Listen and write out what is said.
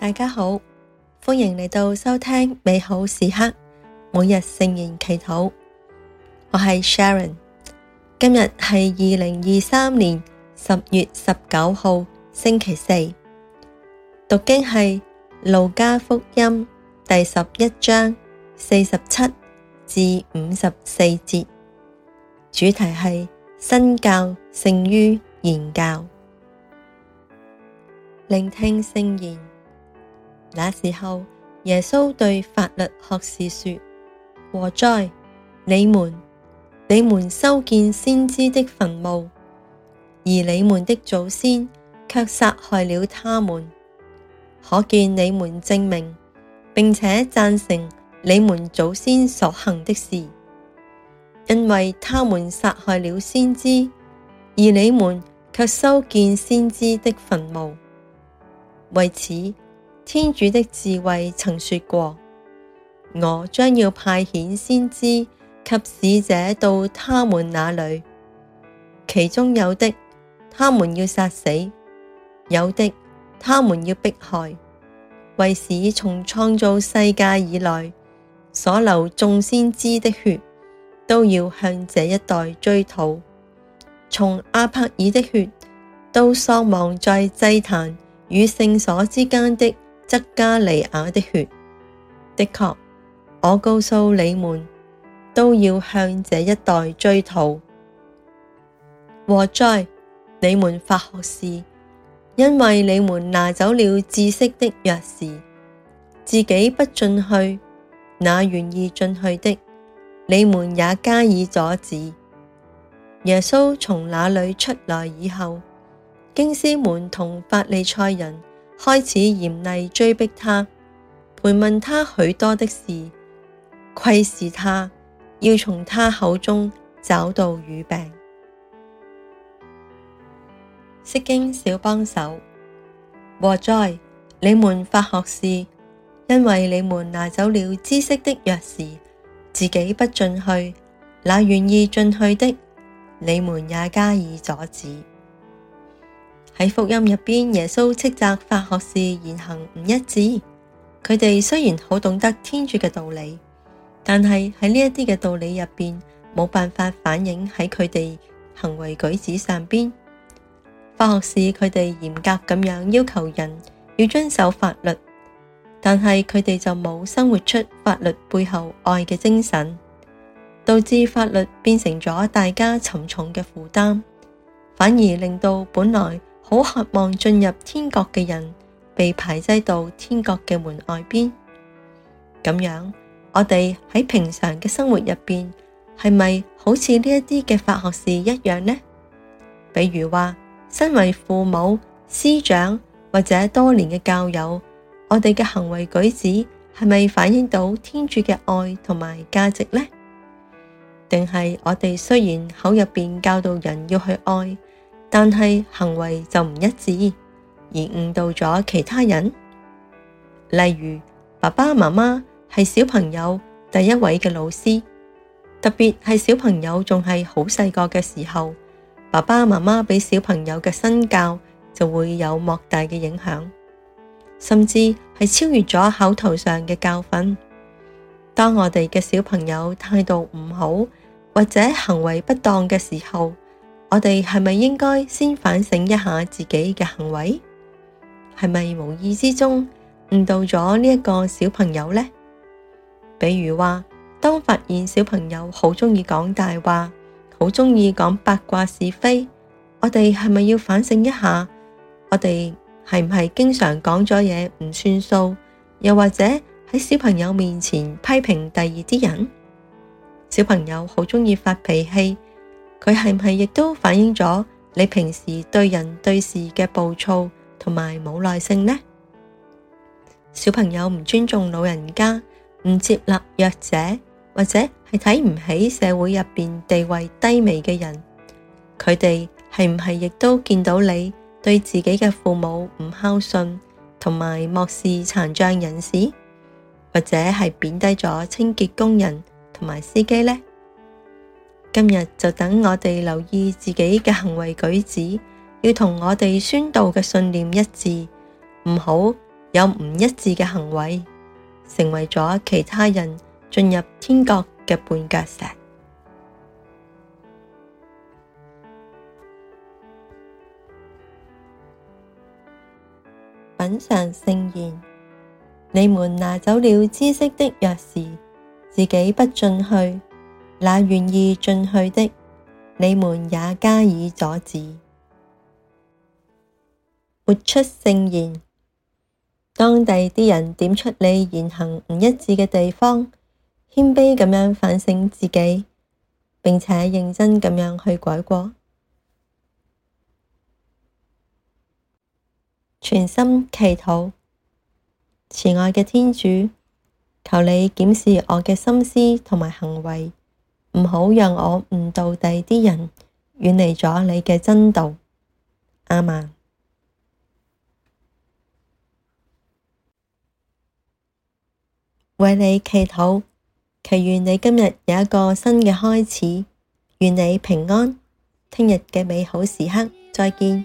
大家好，歡迎嚟到收聽美好時刻，每日聖言祈禱。我係 Sharon，今日係二零二三年十月十九號星期四，讀經係路加福音第十一章四十七至五十四節，主題係身教勝於言教，聆聽聖言。那時候，耶穌對法律學士說：禍哉，你們，你們修建先知的墳墓，而你們的祖先却殺害了他們。可見你們證明，並且贊成你們祖先所行的事，因為他們殺害了先知，而你們却修建先知的墳墓。為此。天主的智慧曾說過：我將要派遣先知及使者到他們那裏，其中有的，他們要殺死，有的，他們要迫害，為使從創造世界以來，所流眾先知的血，都要向這一代追討，從亞伯爾的血，到喪亡在祭壇與聖所之間的。則加黎雅的血，的確，我告訴你們，都要向這一代追討。禍哉，你們法學士，因為你們拿走了智識的鑰匙，自己不進去，那願意進去的，你們也加以阻止。耶穌從那裏出來以後，經師們同法利賽人。開始嚴厲追逼他，盤問他許多的事，窺伺他，要從他口中找到語病。釋經小幫手，禍哉，你們法學士，因為你們拿走了智識的鑰匙，自己不進去，那願意進去的，你們也加以阻止。喺福音入邊，耶穌斥責法學士言行唔一致。佢哋雖然好懂得天主嘅道理，但係喺呢一啲嘅道理入邊冇辦法反映喺佢哋行為舉止上邊。法學士佢哋嚴格咁樣要求人要遵守法律，但係佢哋就冇生活出法律背後愛嘅精神，導致法律變成咗大家沉重嘅負擔，反而令到本來。好渴望進入天國嘅人，被排擠到天國嘅門外邊。咁樣，我哋喺平常嘅生活入邊，係咪好似呢一啲嘅法學士一樣呢？比如話，身為父母、師長或者多年嘅教友，我哋嘅行為舉止係咪反映到天主嘅愛同埋價值呢？定係我哋雖然口入邊教導人要去愛，但係行為就唔一致，而誤導咗其他人。例如，爸爸媽媽係小朋友第一位嘅老師，特別係小朋友仲係好細個嘅時候，爸爸媽媽俾小朋友嘅身教就會有莫大嘅影響，甚至係超越咗口頭上嘅教訓。當我哋嘅小朋友態度唔好，或者行為不當嘅時候，我哋係咪應該先反省一下自己嘅行為？係咪無意之中誤導咗呢一個小朋友呢？比如話，當發現小朋友好鍾意講大話，好鍾意講八卦是非，我哋係咪要反省一下？我哋係唔係經常講咗嘢，唔算數？又或者喺小朋友面前批評第二啲人？小朋友好鍾意發脾氣。佢係唔係亦都反映咗你平時對人對事嘅暴躁同埋冇耐性呢？小朋友唔尊重老人家，唔接納弱者，或者係睇唔起社會入面地位低微嘅人，佢哋係唔係亦都見到你對自己嘅父母唔孝順，同埋漠視殘障人士，或者係貶低咗清潔工人同埋司機呢？今日就等我哋留意自己嘅行為舉止，要同我哋宣導嘅信念一致，唔好有唔一致嘅行為，成為咗其他人進入天國嘅絆腳石。品嚐聖言，你們拿走了智識的鑰匙，自己不進去。那願意進去的，你們也加以阻止。活出聖言。當人哋點出你言行唔一致嘅地方，謙卑咁樣反省自己，並且認真咁樣去改過。全心祈禱，慈愛嘅天主，求你檢視我嘅心思同埋行為。唔好讓我誤導第啲人遠離咗你嘅真道，阿曼為你祈禱，祈願你今日有一個新嘅開始，願你平安，聽日嘅美好時刻再見。